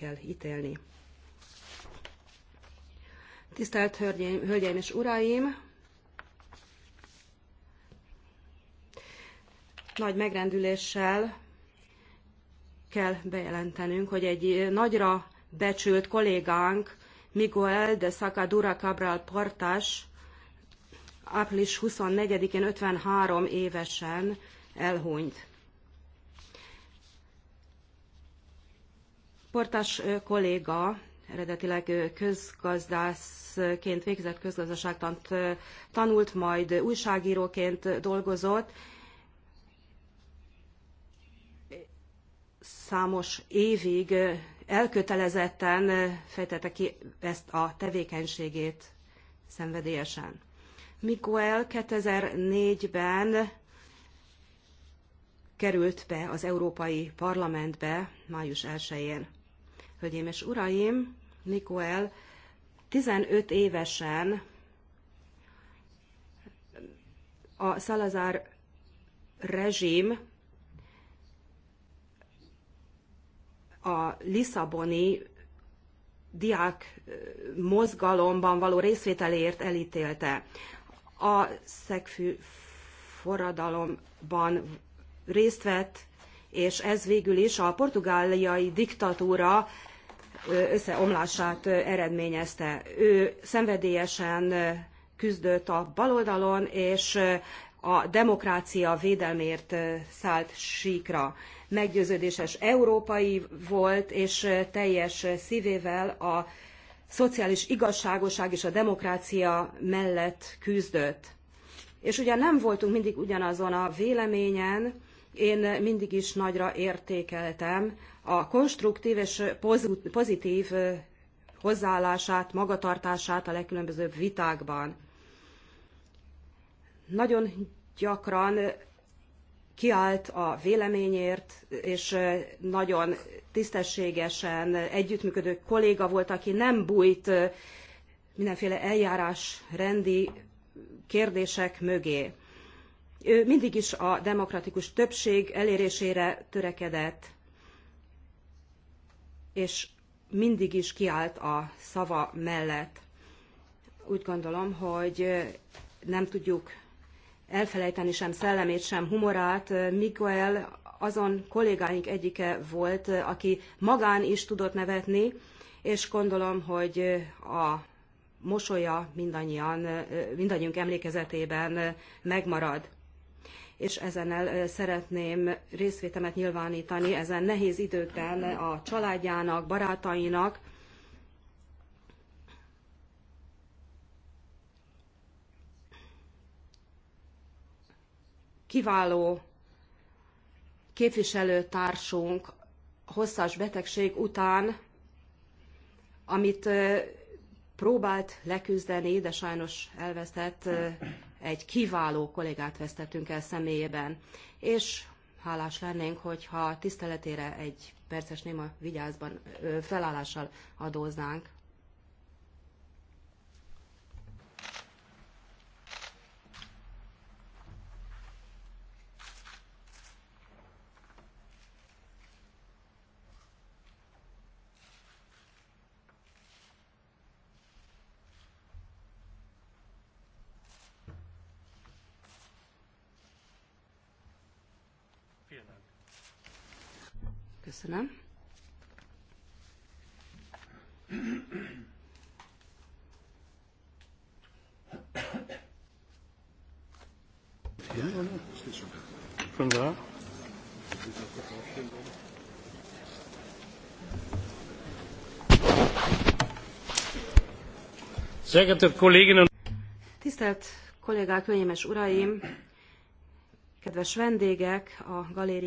kell ítélni. Tisztelt Hölgyeim, hölgyeim és Uraim! Nagy megrendüléssel kell bejelentenünk, hogy egy nagyra becsült kollégánk, Miguel de Sacadura Cabral Portas, április 24-én 53 évesen elhunyt. Portás kolléga eredetileg közgazdászként végzett közgazdaságtant tanult, majd újságíróként dolgozott. Számos évig elkötelezetten fejtette ki ezt a tevékenységét szenvedélyesen. Mikoel 2004-ben került be az Európai Parlamentbe május 1-én. Hölgyeim és uraim, Nikoel 15 évesen a Szalazár rezsim a Lisszaboni diák mozgalomban való részvételéért elítélte. A szegfű forradalomban részt vett, és ez végül is a portugáliai diktatúra összeomlását eredményezte. Ő szenvedélyesen küzdött a baloldalon, és a demokrácia védelmért szállt síkra. Meggyőződéses európai volt, és teljes szívével a szociális igazságoság és a demokrácia mellett küzdött. És ugyan nem voltunk mindig ugyanazon a véleményen, én mindig is nagyra értékeltem a konstruktív és pozitív hozzáállását, magatartását a legkülönbözőbb vitákban. Nagyon gyakran kiállt a véleményért, és nagyon tisztességesen együttműködő kolléga volt, aki nem bújt mindenféle eljárás rendi kérdések mögé mindig is a demokratikus többség elérésére törekedett, és mindig is kiállt a szava mellett. Úgy gondolom, hogy nem tudjuk elfelejteni sem szellemét, sem humorát. Miguel azon kollégáink egyike volt, aki magán is tudott nevetni, és gondolom, hogy a mosolya mindannyian, mindannyiunk emlékezetében megmarad és ezennel szeretném részvétemet nyilvánítani ezen nehéz időkben a családjának, barátainak, kiváló képviselőtársunk hosszas betegség után, amit próbált leküzdeni, de sajnos elvesztett egy kiváló kollégát vesztettünk el személyében, és hálás lennénk, hogyha tiszteletére egy perces néma vigyázban felállással adóznánk. Köszönöm. Sehr geehrte Kolleginnen Tisztelt kollégák, hölgyeim és uraim! Kedves vendégek a galériában!